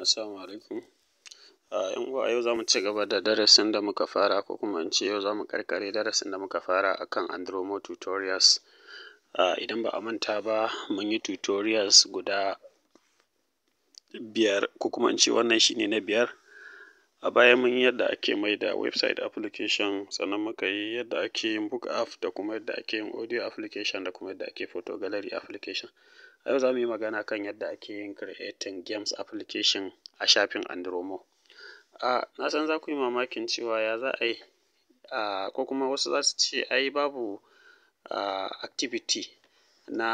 Assalamu alaikum. Ah, ‘Yan uwa yau za mu ci gaba da darasin da muka fara ko kuma in ce yau za mu karkare darasin da muka fara a kan Andromo tutorials. Ah, idan ba a manta ba mun yi tutorials guda biyar ko kuma in ce wannan shi ne na biyar. A baya mun yi yadda ake mai da website application sannan muka yi yadda ake yin book app da kuma yadda ake yin audio application da kuma yadda ake photo gallery application. yau za mu yi magana kan yadda ake yin creating games application a shafin Andromo. A na san za ku yi mamakin cewa ya za a yi, ko kuma wasu za su ce ai babu activity na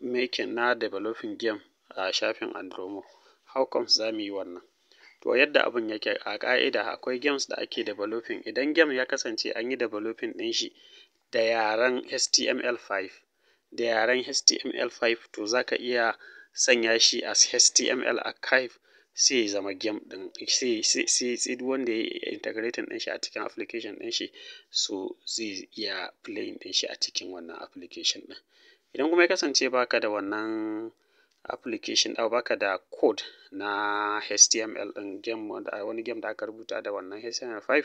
making na developing game a shafin Andromo. How comes za mu yi wannan? To yadda abun yake a ƙa'ida akwai games da ake developing. Idan game ya kasance an yi developing ɗin shi da yaren HTML5 da yaren HTML5 to zaka iya sanya shi as HTML archive sai ya zama game ɗin sai sai duk wanda ya yi integrating ɗin shi a cikin application ɗin shi so zai iya playing ɗin shi a cikin wannan application ɗin. Idan kuma ya kasance baka da wannan application ɗin baka da code na HTML ɗin game wani game da aka rubuta da wannan HTML5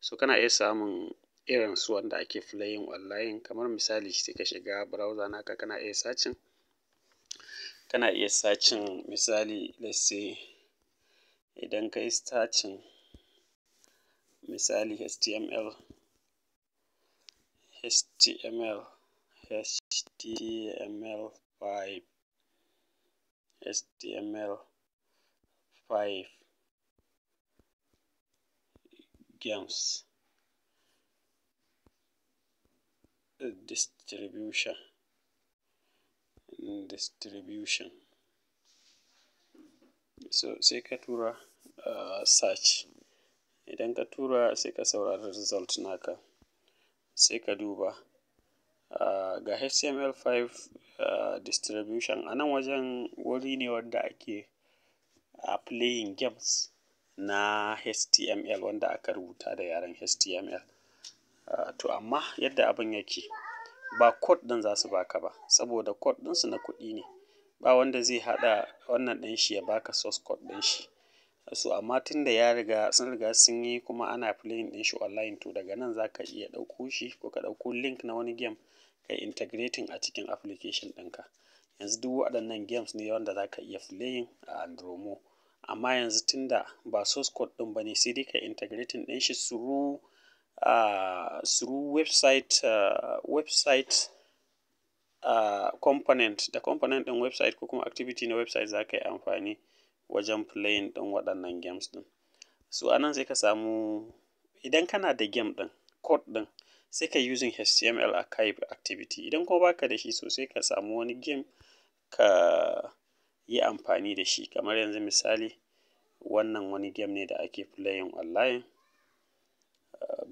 so kana iya samun irin su wanda ake playing online kamar misali sai ka shiga browser naka kana iya searching kana iya searching misali let's say idan ka yi searching misali HTML HTML HTML5 HTML5 games distribution distribution so sai ka tura uh, search idan ka tura sai ka saurari result naka sai ka duba uh, ga html5 uh, distribution a nan wajen wuri ne wanda ake a uh, playing games na html wanda aka rubuta da yaren html Ah, to amma yadda abin yake ba code ɗin za su baka ba saboda code ɗinsu na kuɗi ne ba wanda zai haɗa wannan ɗin shi ya baka source code ɗin shi so amma tunda ya riga sun riga sun yi kuma ana playing ɗin shi online to daga nan za ka iya ɗauko shi ko ka ɗauko link na wani game ka integrating a cikin application ɗinka yanzu duk waɗannan games ne wanda za ka iya playing a andromo amma yanzu tunda ba source code ɗin ba ne sai dai ka integrating ɗin shi through uh, through website uh, website uh, component da component ɗin website ko kuma activity na website za ka yi amfani wajen playing ɗin waɗannan games ɗin so anan sai ka samu idan kana da game ɗin code ɗin sai ka using html archive activity idan kuma baka da shi so sai ka samu wani game ka yi amfani da shi kamar yanzu misali wannan wani game ne da ake playing online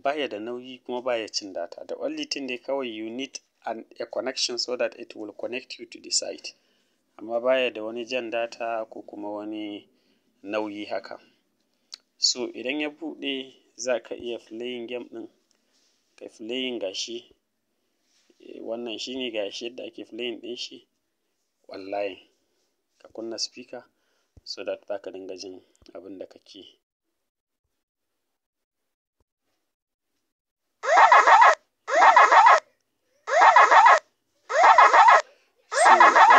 baya da nauyi kuma baya cin data the only thing dai kawai you need an, a connection so that it will connect you to the site amma baya da wani jan data ko kuma wani nauyi haka so idan ya buɗe za ka iya playing game ɗin ka playing gashi eh, wannan shine gashi yadda ake playing ɗin shi online ka kunna speaker so that za ka dinga jin abin da kake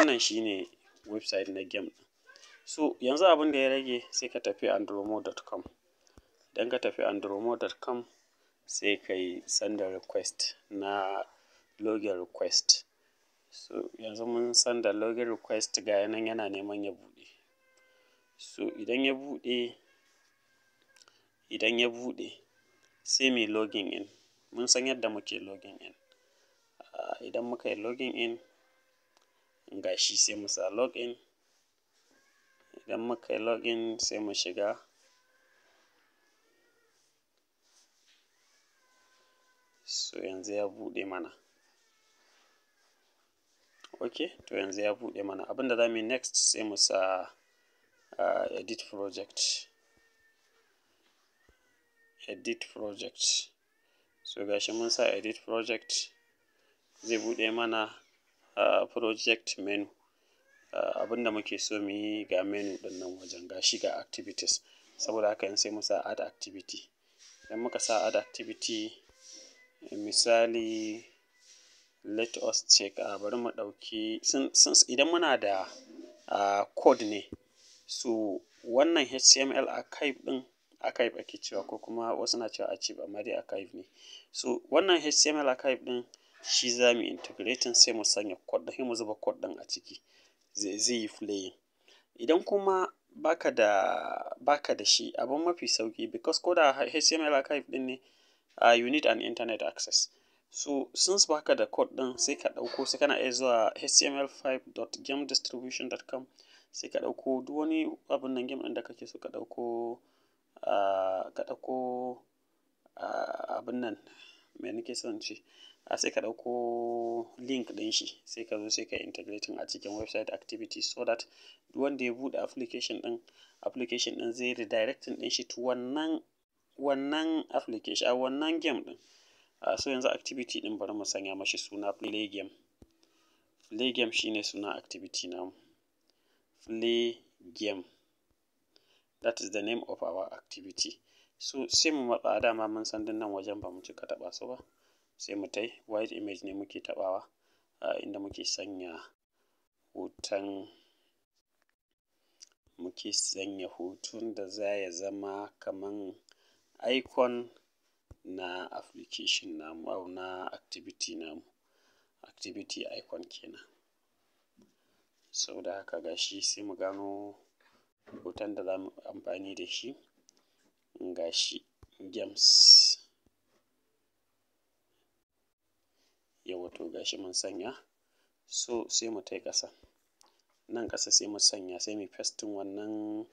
wannan shine website na game ɗin. So yanzu abin da ya rage sai ka tafi andromo.com. Idan ka tafi andromo.com sai ka yi send request na login request. So yanzu mun sanda login request ga ya nan yana neman ya buɗe. So idan ya buɗe, idan ya buɗe sai login in. Mun san yadda muke login in. Ah, idan muka yi login in. Ga shi sai mu sa login idan muka yi login sai mu shiga so yanzu ya buɗe mana ok to yanzu ya buɗe mana abinda za mu yi next sai mu sa ah, edit project edit project so gashi mun sa edit project zai buɗe mana project menu abin da muke so mu yi ga menu ɗin wajen gashi ga activities saboda haka sai mu sa add activity idan muka sa add activity misali let us check a bari mu ɗauki idan muna da code ne so wannan html archive ɗin archive ake cewa ko kuma wasu na cewa archive amma dai archive ne so wannan html archive ɗin shi za mu integratin sai mu sanya code mu zuba code ɗin a ciki zai yi flaying idan kuma baka da da shi abun mafi sauki because ko da HTML archive ɗin ne a ah, unit need an internet access so since baka da code ɗin sai ka ɗauko sai kana iya zuwa html5.gamedistribution.com sai ka ɗauko duk wani abun nan game ɗin da kake so ka ɗauko uh, nan me nake son ce a ah, sai ka ɗauko link ɗin shi sai ka zo sai ka integrating a cikin website activity so that duk wanda ya buɗe application ɗin application ɗin zai redirecting ɗin shi to wannan wannan application a wannan game ɗin a ah, so yanzu activity ɗin bari mu sanya mashi suna play game play game shine suna activity mu play game that is the name of our activity su sai mu matsa dama mun san din nan wajen ba mu cika taɓa su ba sai mu tai white image ne muke taɓawa inda muke sanya hoton muke sanya hoton da za ya zama kaman icon na application namu au na activity namu activity icon kenan sau da haka gashi sai mu gano hoton da za mu amfani da shi gashi games yauwa to gashi mun sanya so sai mu tai ƙasa nan ƙasa sai mu sanya sai mu pasting wannan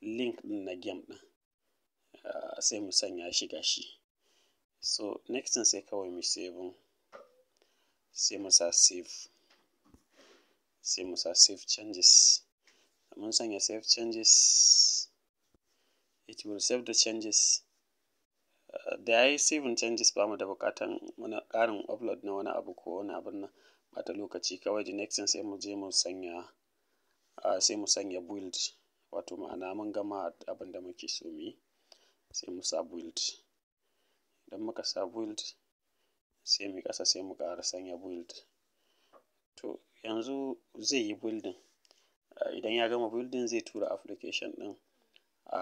link ɗin na game ɗin ah, sai mu sanya shi gashi so next din sai kawai mu save, sai mu sa save sai mu sa save changes mun sanya save changes it will save the changes da ya yi saving changes ba mu da bukatan wani karin upload na wani abu ko wani abin na bata lokaci kawai the next sai mu je mu sanya uh, sai mu sanya build wato ma'ana mun gama abin da muke so mu yi sai mu sa build idan muka sa build sai mu ƙasa sai mu kara sanya build to yanzu zai yi building uh, idan ya gama building zai tura application ɗin a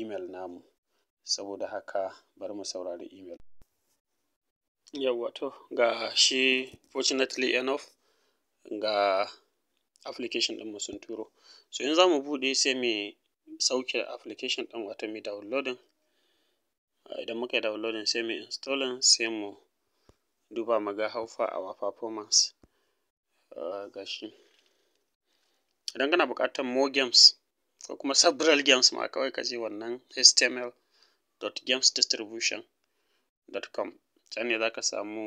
email namu. Saboda haka bari mu saurari email. Yawwa to ga shi fortunately enough ga application ɗinmu sun turo. So in za mu buɗe sai mu sauke application ɗin wato mu downloading. Idan muka yi downloading sai mu installing sai mu duba mu ga how far our performance ga shi. Idan kana buƙatar more games ko kuma several games ma kawai ka je wannan html.gamesdistribution.com can ne za ka samu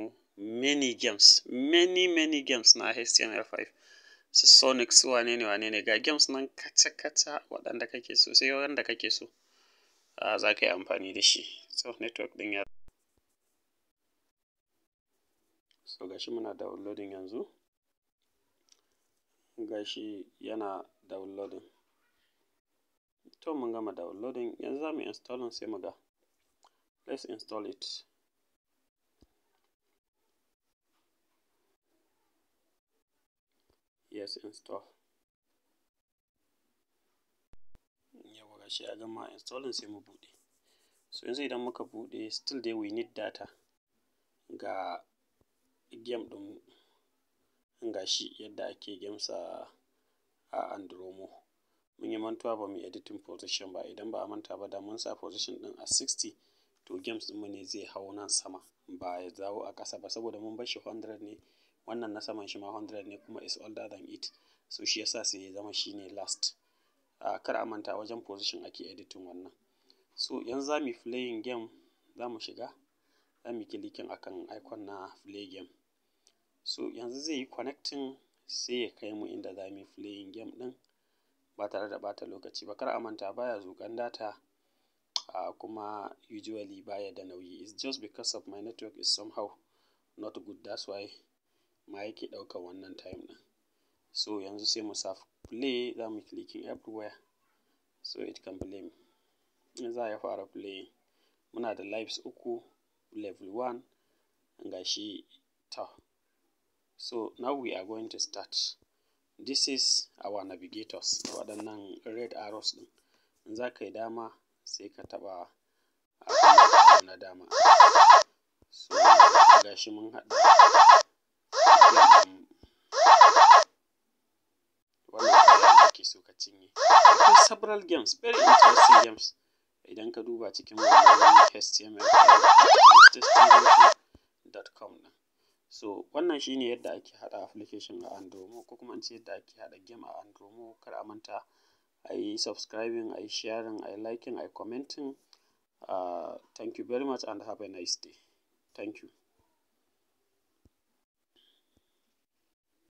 many games many many games na html5 su sonic su wane ne wane ne ga games nan kaca-kaca waɗanda kake so sai ka kake so za ka yi amfani da shi so network ɗin ya so gashi muna downloading yanzu gashi yana downloading To mun gama downloading yanzu za mu installing sai mu ga. Let's install it. Yes install. ga shi ya gama installing sai mu bude So yanzu idan muka bude still dai we need data ga game ɗin shi yadda ake games a Andromo. mun yi mantuwa ba mu editing position ba idan ba a manta ba da mun sa position din a 60 to games din mu ne zai hau nan sama ba ya zawo a kasa ba saboda mun bar shi 100 ne wannan na saman shi ma 100 ne kuma is older than it so shi yasa sai ya zama shi ne last a kar a manta wajen position ake editing wannan so yanzu za mu playing game za mu shiga za mu kilikin akan icon na play game so yanzu zai yi connecting sai ya kai mu inda za mu playing game din ba tare da ɓata lokaci ba. Kar a manta baya zuƙan data kuma usually baya da nauyi. is just because of my network is somehow not good that's why ma yake ɗaukan wannan time ɗin. So yanzu sai mu sa play za mu everywhere so it can play. me In za ya fara play muna da lives uku level 1 ga shi ta So now we are going to start. this is our navigators waɗannan red arrows ɗin in za ka yi dama sai ka taɓa abin na dama so shi mun haɗu so ka cinye akwai several games very interesting games idan ka duba cikin wannan HTML So wannan shi ne yadda ake haɗa application a Andromo ko kuma in ce yadda ake haɗa game a Andromo kar a manta a yi subscribing, a yi sharing, a yi liking, a yi commenting. Uh, thank you very much and have a nice day. Thank you.